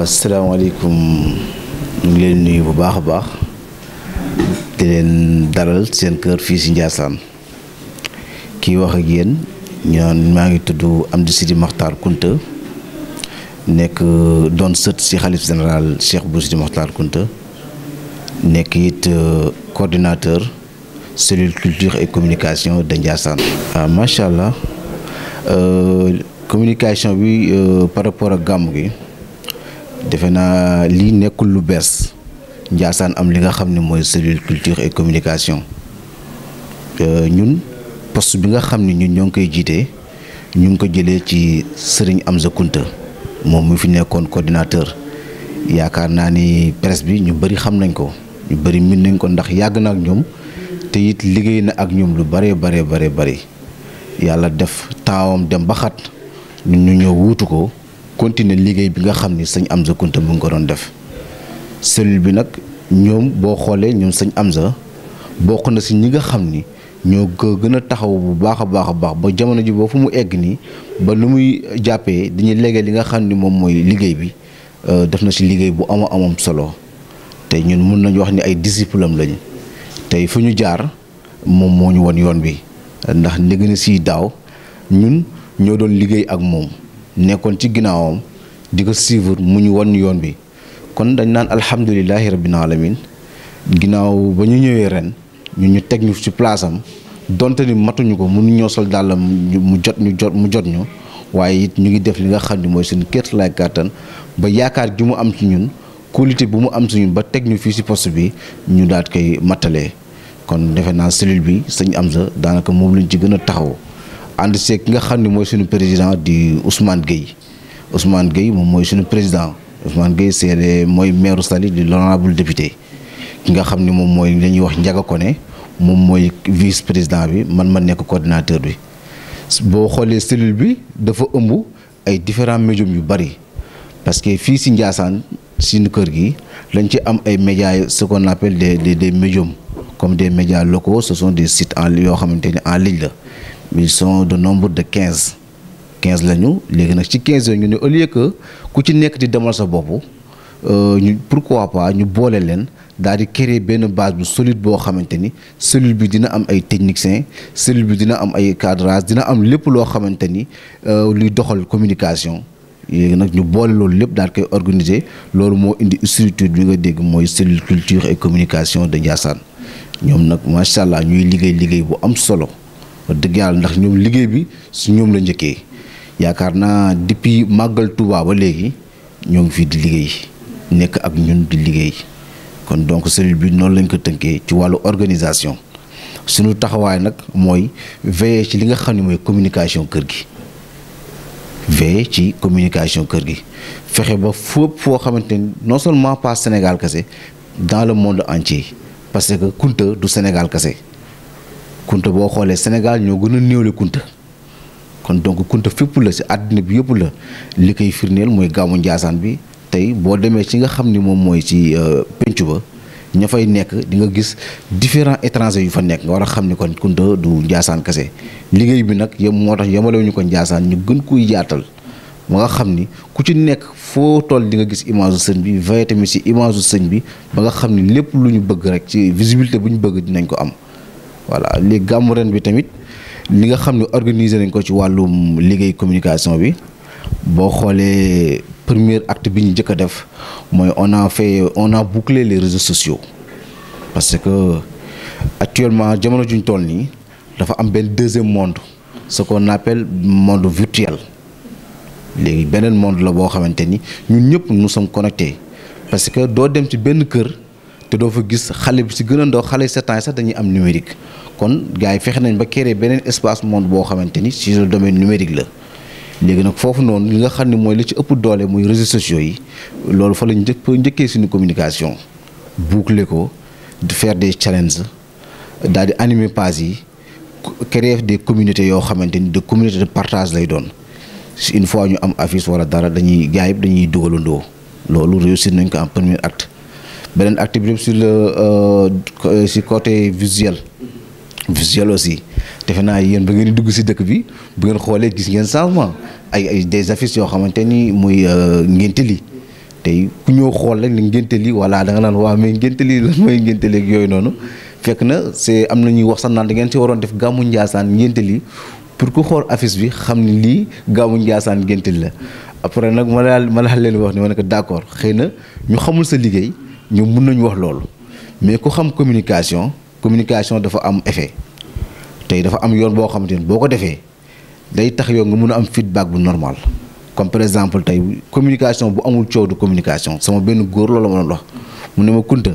waaw asalaamaaleykum ñu ngi leen nuyu bu baax a baax di leen dalal seen kër fii si Ndiassane ki wax ak yéen ñoon maa ngi tudd Amdi Sidi Makhtar Kounta nekk doon sët si xalif général Cheikh Bou Sidi Makhtar Kounta nekk it euh, coordinateur cellule culture et communication de Ndiassane. ah macha allah euh, communication bi euh, par rapport ak gàmm gi. defe naa li nekkul lu bees Ndiassane am li nga xam ne mooy cellule culture et communication euh, ñun poste bi nga xam ne ñun ñoo ngi koy jiitee ñu ngi ko jëlee ci am sa Kunta moom mu fi nekkoon coordinateur yaakaar naa ni presse bi ñu bëri xam nañ ko ñu bëri min nañ ko ndax yàgg na ak ñoom te it liggéey na ak ñoom lu bëree bare bare bëri yàlla def taawam dem ba xat ñun ñu ñëw wuutu ko continuer liggéey bi nga xam ni sëñ Amza Kounta mu ngi ko doon def cellule bi nag ñoom boo xoolee ñoom sëñ Amza bokk na si ñi nga xam ni ñoo ko gën a taxaw bu baax a baax baax ba jamono ji boo fu mu egg nii ba lu muy jàppee dañuy léegi li nga xam ni moom mooy liggéey bi euh, def na si liggéey bu ama amam solo tey ñun mun nañu wax ni ay disciple am lañu tey fu ñu jaar moom moo ñu won yoon bi ndax léegi na si daaw ñun ñoo doon liggéey ak moom. nekkoon ci ginnaawam di ko suivre mu ñu won yoon bi kon dañ naan alhamdulilahi rabbil alamin ginnaaw ba ñu ñëwee ren ñu ñu teg ñu ci place donte ni matuñu ko mënu ñëw sol dàllam mu jot ñu jot mu jot ñu waaye it ñu ngi def li nga xam ne mooy seen kért laay kàttan ba yaakaar ji mu am si ñun qualité bi mu am ci ñun ba teg ñu fii si post bi ñu daat koy mattalee kon defe naa cellule bi sëñ sa daanaka moom lañ ci gën a taxaw ànd seeg ki nga xam ne mooy suñu président di Ousmane Gueye Ousmane Gueye moom mooy suñu président Ousmane Gueye c'est mooy maire Saly di l'honorable député ki nga xam ni moom mooy lañuy wax njaga ko ne moom mooy vice président bi man ma nekk coordinateur bi boo xoolee cellule bi dafa ëmb ay différents médiums yu bari parce que fii si Ndiassane suñu kër gi lañ ci am ay médias ce qu'on appelle des des comme de médias locaux ce sont des sites en yoo xamante ni en ligne la mais ils de nombre de quinze quinze la ñu léegi nag ci quinze yooyu ñu ne au lieu que ku ci nekk di demal sa bopp euh, ñu quoi pas ñu boole leen daal di créer benn base bu solide boo xamante ni cellule bi dina am ay techniciens cellule bi dina am ay cadrage dina am lépp loo xamante ni euh, luy doxal communication léegi nag ñu boole loolu lépp daal koy organiser loolu moo indi structure bi nga dégg mooy cellule culture et communication de Ndiassane ñoom nag macha allah ñuy liggéey liggéey bu am solo. wax yàlla ndax ñoom liggéey bi su ñoom la njëkkee yaakaar naa depuis màggal Touba ba léegi ñoo ngi fii di liggéey nekk ak ñun di liggéey kon donc cellule bi noonu lañ ko tënkee ci wàllu organisation suñu taxawaay nag mooy veiller ci li nga xam ne mooy communication kër gi veiller ci communication kër gi fexe ba fépp foo xamante ni non seulement pas Sénégal kese dans le monde entier parce que Kunta du Sénégal kase kunta boo xoolee Sénégal ñoo gën a néewle kunta kon donc kunta fépp la si àddina bi yëpp la li koy firndeel mooy gàmmu Njaasaan bi tey boo demee ci nga xam ni moom mooy ci euh, péncu ba ña fay nekk di nga gis différent étrangers yu fa nekk nga war a xam ni kon kunta du Njaasaan kese liggéey bi nag yem moo tax yemalewu ñu ko Njaasaan ñu gën kuy yaatal ma nga xam ni ku ci nekk foo toll di nga gis image sëñ bi veille tamit si image sëñ bi ba nga xam ni lépp lu ñu bëgg rek ci visibilité bu ñu bëgg dinañ ko am voilà léegi gàmmu ren bi tamit li nga xam ne organiser nañ ko ci wàllum liggéey communication bi boo xoolee première act bi ñu njëkk a def mooy on a fait on a bouclé les réseau sociaux parce que actuellement jamono juñ toll nii dafa am benn deuxième monde ce qu'on appelle monde virtuel léegi beneen monde la boo xamante ni ñun ñëpp nous sommes connectés parce que doo dem ci benn kër te doo fa gis xale bi si gën a ndaw xale sept ans sax dañuy am numérique kon gars yi fexe nañ ba créer beneen espace monde boo xamante ni ci le domaine numérique la léegi nag foofu noonu li nga xam ne mooy li ci ëpp doole muy réseaux sociaux yi loolu fa lañ njëkk njëkkee suñu communication boucler ko de faire des challenges daal di animer pages yi créer des communautés yoo xamante ni de communauté de partage lay doon une fois ñu am affiche wala dara dañuy gars dañuy dugalandoo loolu réussir nañ ko en premier acte beneen acte bi sur le euh, si côté visuel jalousie defe naa yéen ba ngeen di dugg si dëkk bi bu ngeen xoolee gis ngeen changement ay ay des affiches yoo xamante ni muy euh, ngénte li tey ku ñëw xool rek ni ngénte li voilà da nga naan waa mais ngénte lii la mooy ngénte li yooyu noonu fekk na c'est am na ñuy wax sax naan da ngeen si waroon def gàmmu Njaasaan ngénte li pour ku xool affice bi xam ne lii gàmmu Njaasaan ngénte li la après nag ma daal ma daal leen wax ne ma ne ko d'accord xëy na ñu xamul sa liggéey ñoom mun nañu wax loolu mais ku xam communication communication dafa am effet tey dafa am yoon boo xamante ni boo ko defee day tax yoon nga mun a am feedback bu normal comme par exemple tey communication bu amul coow du communication sama benn góor loolu ma doon wax mu ne ma kunta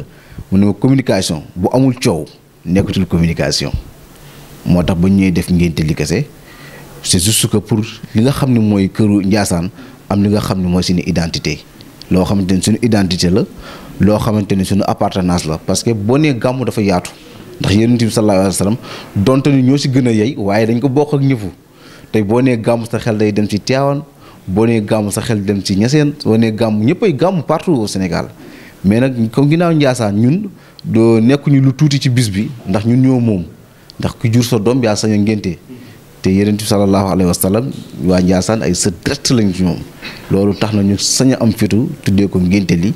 mu ne ma communication bu amul coow nekkatul communication moo tax ba ñëwee def ngénte li kese c'est juste que pour li nga xam ne mooy këru Ndiassane am li nga xam ne mooy suñu identité loo xamante ni suñu identité la loo xamante ni suñu appartenance la parce que boo nee gàmmu dafa yaatu ndax yonent ti sallallahu alayhi wa sallam donte ni ñoo si gën a yey waaye dañ ko bokk ak ñëfu tey boo nee gàmmu sa xel day dem ci Tivaouane boo nee gàmmu sa xel dem ci ñaseen boo nee gàmm ñëppay gàmm partout au Sénégal mais nag comme ginnaaw Ndiassane ñun doo nekkuñu lu tuuti ci bis bi ndax ñun ñoo moom ndax jur sa doom yaa sañoo ngénte te yonent bi sallallahu alayhi wa sallam waa Ndiassane ay sët direct lañ ci moom loolu tax na ñu sañ am fitu tuddee ko ngénte li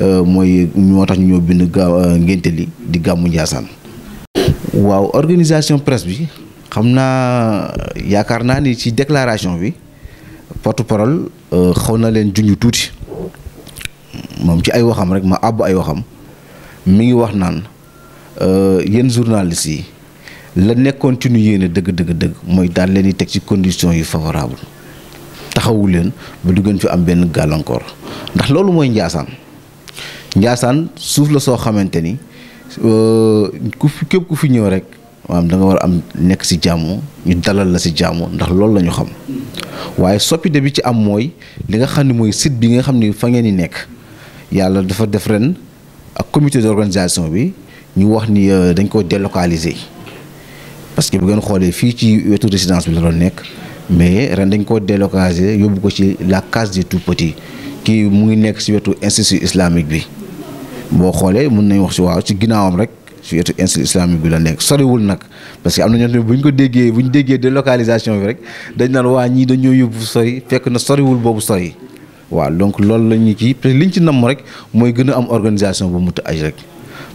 euh, mooy ñoo tax ñu ñoo bind ga euh, ngénte li di gàmmu Ndiassane waaw organisation press bi xam naa yaakaar naa ni ci déclaration bi porte parole euh, xaw na leen junj tuuti moom ci ay waxam rek ma àbb ay waxam mi ngi wax naan euh, yéen journalistes yi la nekkoon ci nu yéene dëgg dëgg dëgg mooy daal leen yi teg ci conditions yi favorable taxawu leen ba du gën fi am benn gàllankoor ndax loolu mooy njaasaan njaasaan suuf la soo xamante ni. Euh, ku fi képp ku fi ñëw rek maanaam da nga war a am nekk si jàmm ñu dalal la si jàmm ndax loolu la ñu xam waaye soppite bi ci am mooy li nga xam ne mooy site bi nga xam ni fa ngeen ni nekk yàlla dafa def ren ak comité d'organisation bi ñu wax ni euh, dañ ko délocaliser parce que bu ngeen xoolee fii ci wetu résidence bi la doon nekk mais ren dañ ko délocaliser yóbbu ko ci la case des tout petits kii mu ngi nekk si wetu institut islamique bi boo xoolee mun nañ wax si waaw ci ginnaawam rek ci wetu institut islamique bi la nekk soriwul nag parce que am na ñoo xam bu ñu ko déggee bu ñu déggee délocalisation bi rek dañ naan waa ñii dañoo yóbbu sori fekk na soriwul boobu sori waaw donc loolu la ñu kii parce que liñ ci namm rek mooy gën a am organisation bu mutu aj rek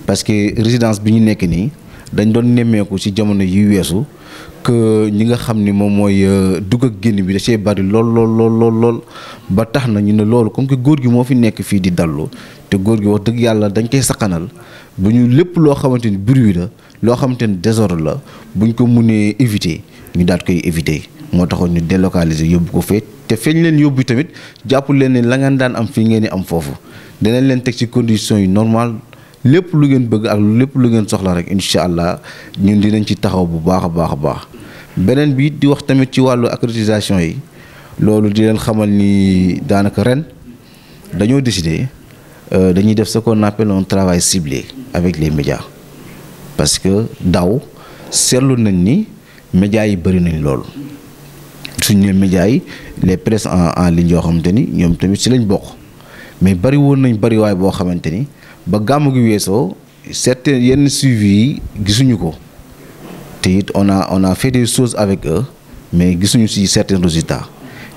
parce que résidence bi ñu nekk nii. dañ doon nemmeeku ci jamono yi weesu que ñi nga xam ni moom mooy euh, dugg ak génn bi da cee bari lool lool lool ba tax na ñu ne loolu comme que góor gi moo fi nekk fii di dallu te góor gi wax dëgg yàlla dañ koy sakkanal bu ñu lépp loo xamante ni bruit la loo xamante ni désordre la buñ ko mënee éviter ñu daal koy éviter moo taxoon ñu délocaliser yóbbu ko fee te feeñ leen yóbbu tamit jàpp leen ne la ngeen daan am fii ngeen di am foofu danañ leen teg ci conditions yu normal lépp lu ngeen bëgg ak lépp lu ngeen soxla rek incha allah ñun dinañ ci taxaw bu baax a baax a baax beneen bi it di wax tamit ci wàllu accréditation yi loolu di leen xamal nii daanaka ren dañoo décider euh, dañuy def ce qu'on appelle un travail ciblé avec les médias parce que daw seetlu nañ ni médias yi bëri nañ loolu suñ nee médias yi les presses en en ligne yoo xamante ni ñoom tamit si lañ bokk mais bëri nañ bëriwaay boo xamante ni. ba gàmmu gi weesoo certains yenn suivi yi gisuñu ko te it on a on a des choses avec mais gisuñu si certains résultats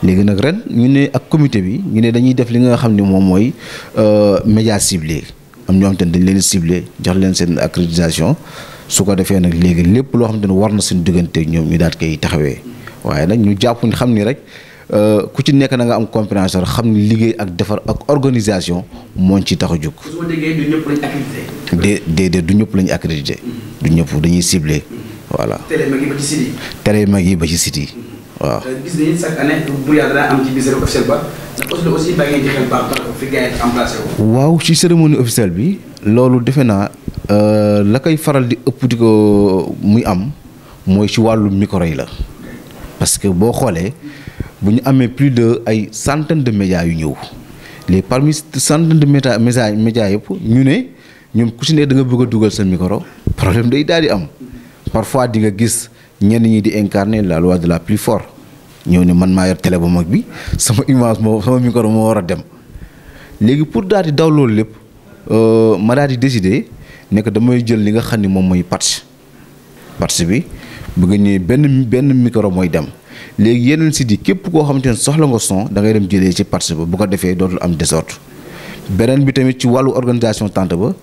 léegi nag ren ñu ne ak comité bi ñu ne dañuy def li nga xam ni moom mooy euh, média ciblé am ñoo xam te dañ leen ciblé jox leen seen accréditation su ko defee nag léegi lépp loo xam te ne war na seen diggante ñoom ñu daal koy taxawee waaye nag ñu jàpp xam ni rek Euh, ku ci nekk na nga am compréhension xam ni liggéey ak defar ak organisation moo ci tax a jóg. su ma déggee du ñëpp lañ accrédité. déedéet du ñëpp dañuy ciblé. voilà télé mag yi ba ci site yi. télé mag yi waaw ci cérémonie officielle bi loolu defe naa euh, la koy faral di ëpp di ko muy am mooy ci wàllu micro yi la parce que boo xoolee. bu ñu amee plus de ay centaine de médias yu ñëw léegi parmi centaine de méta médias yëpp ñu ne ñoom ku si ne da nga bëgg a dugal sa micro problème day daal di am parfois di nga gis ñenn ñi di incarner la loi de la plus fort ñëw ne man maa yor télé bu mag bi sama image moo sama mikoro moo war a dem léegi pour daal di daw loolu lépp euh, ma daal di nekk ne que damay jël li nga xam ne moom mooy patch patch bi bëgg ñëw benn benn micro mooy dem. léegi yeneen sites yi képp koo xamante ne soxla nga son dangay ngay dem jëlee ci partie ba bu ko defee dootul am désordre beneen bi tamit ci wàllu organisation tente ba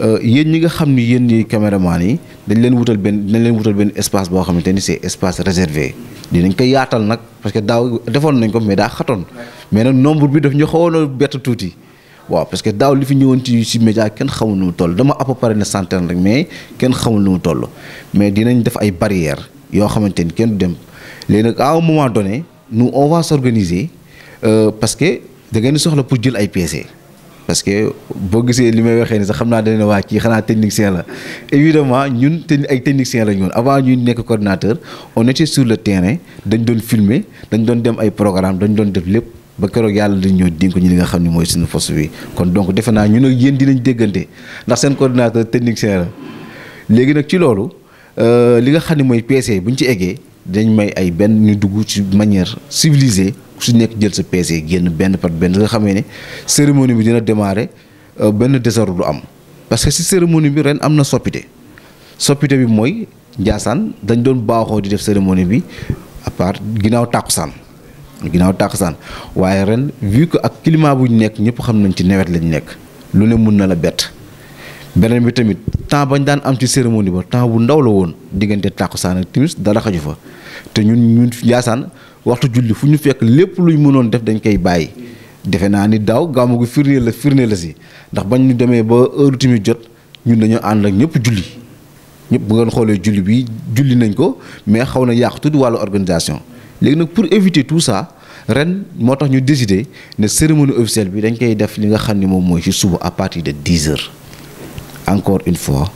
euh, yéen ñi nga xam ni yéen ñi caméraman yi dañ leen wutal benn dañ leen wutal benn espace boo xamante ni c'est espace réservé dinañ ko yaatal nag parce que daaw defoon nañ ko mais daa xatoon mais nag nombre bi daf ñu xawoon a bett tuuti waaw parce que daaw li fi ñëwoon ci si média kenn xamul nu mu toll dama à peu près rek mais kenn xamul nu mu mais dinañ def ay barrières yoo xamante ni kenn dem léegi nag à un moment donné nous on va s'organiser euh, parce que da ngeen soxla pour jël ay PC parce que boo gisee li may waxee ni sax xam naa dañ ne waa ci xanaa technicien la évidemment ñun ay technicien la ñoon avant ñuy nekk coordinateur on était sur le terrain dañ doon filmer dañ doon dem ay programme dañ doon def lépp ba keroog yàlla dañ ñoo dénk ñu li nga xam ne mooy suñu fos bi kon donc defe naa ñun yéen dinañ déggante ndax seen coordinateur technicien la léegi nag ci loolu euh, li nga xam ne mooy PC bu ñu ci eggee dañ may ay benn ñu dugg ci manière civilisée su nekk jël sa PC génn benn par benn nga xamee ne cérémonie bi dina démarrer euh, benn désordre du am parce que si cérémonie bi ren am na soppite soppite bi mooy Ndiassane dañ doon baaxoo di def cérémonie bi à part ginnaaw tàkkusaan ginnaaw tàkkusaan waaye ren vu que ak climat bu ñu nekk ñëpp xam nañ ci nawet lañ nekk lu ne mun na la bett beneen bi tamit temps bañ daan am ci cérémonie ba temps bu ndaw la woon diggante tàkkusaan ak timis dara xaju fa te ñun ñun yaasaan waxtu julli fu ñu fekk lépp luñ mënoon def dañ koy bàyyi defe naa ni daaw gàmmu gu firnde la firnde la si ndax bañ ñu demee ba heure tamit jot ñun dañoo ànd ak ñëpp julli ñëpp bu xoolee julli bi julli nañ ko mais xaw na yàq tuuti wàll organisation léegi nag pour éviter tout ça ren moo tax ñu décidé ne cérémonie officielle bi dañ koy def li nga xam ni moom mooy ci suba à partir de 10 heures encore une fois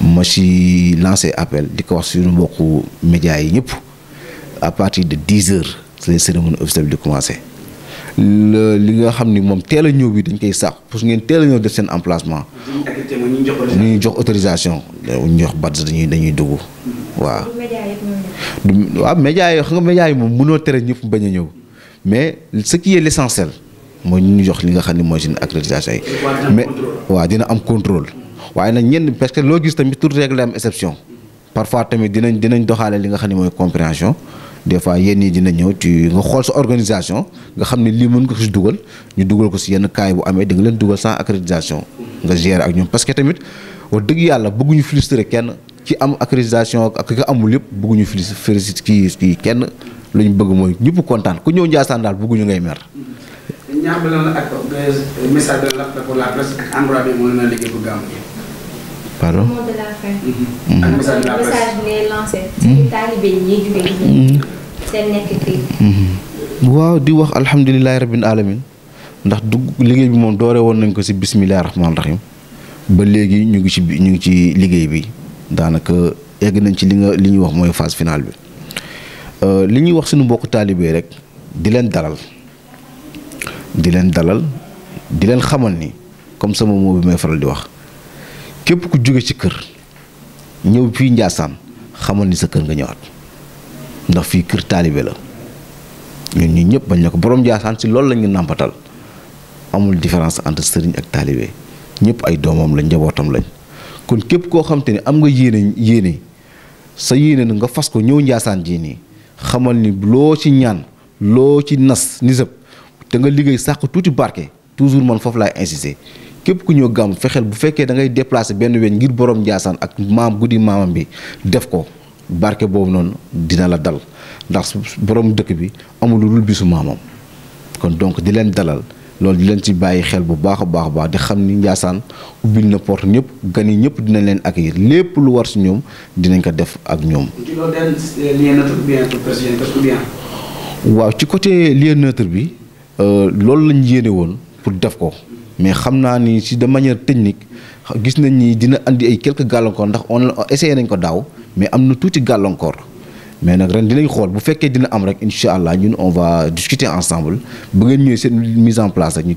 ma ci lancé appel di ko wax suñu mbokku médias yi ñëpp à partir de dix heures la cérémonie officielle bi di commencé li nga xam ni moom teel a ñëw bi dañ koy sàq pour ngeen teel a ñëw def seen emplacement. ñu jox autorisation ñu jox badge dañuy dañuy dugg waaw. du waaw médias yi xam yi moom mënoo tere ñëpp bañ a ñëw mais ce qui est l' essentiel mooy ñu jox li nga xam ni mooy seen accréditation yi. mais waaw dina am contrôle. waaye nag ñenn parce que loo gis tamit toute règle am exception parfois tamit dinañ dinañ doxaale li nga xam ne mooy compréhension des fois yéen ñi dina ñëw ci nga xool sa organisation nga xam ne lii mën ko si dugal ñu dugal ko si yenn kaay bu amee da nga leen dugal sans accréditation nga gérer ak ñoom parce que tamit wax dëgg yàlla bëgguñu filistrer kenn ci am accréditation ak ki amul yëpp bëgguñu filistrer kii kii kenn lu ñu bëgg mooy ñëpp kontaan ku ñëw Ndiassane bëgguñu ngay mer. pardon. Mhm. Mhm. Mhm. waaw di wax alhamdulilah rabbil alamin ndax dugg liggéey bi moom doore woon nañ ko si bisimilah rahmaani rahim ba léegi ñu ngi ci ñu ngi ci liggéey bi daanaka egg nañ ci li nga li ñuy wax mooy phase finale bi euh, li ñuy wax suñu mbokk taalibe rek di leen dalal di leen dalal di leen xamal ni comme sama moo bi may faral di wax. képp ku jóge ci kër ñëw fii Njaasaan xamal ni sa kër nga ñëwaat ndax fii kër taalibe la ñun ñu ñëpp bañ ne ko borom Njaasaan si loolu la ñu nàmpatal amul différence entre sëriñ ak taalibe ñëpp ay doomam lañ njabootam lañ kon képp koo xam te ne am nga yéene yéene sa yéene na nga fas ko ñëw Njaasaan jii nii xamal ni loo ci ñaan loo ci nas nisëb te nga liggéey sàq tuuti barke toujours man foofu laay insister képp ku ñëw gàmm fexeel bu fekkee dangay ngay déplacer benn weñ ngir boroom Ndiassane ak maam guddi maamam bi def ko barke boobu noonu dina la dal ndax su boroom dëkk bi amul lu dul bisu maamam kon donc di leen dalal loolu di leen ci bàyyi xel bu baax a baax baax di xam ni Ndiassane ubbil na porte ñëpp gan yi ñëpp dinañ leen yi lépp lu war si ñoom dinañ ko def ak ñoom. waaw ci côté lien neutre bi euh, loolu lañ yéene woon pour def ko. mais xam naa ni si de manière technique gis nañ ni dina indi ay quelques gàllankoor ndax on essayé nañ ko daaw mais am na tuuti gàllankoor mais nag ren dinañ xool bu fekkee dina am rek incha allah ñun on va discuter ensemble bu ngeen ñëwee seen mise en place ak ñu.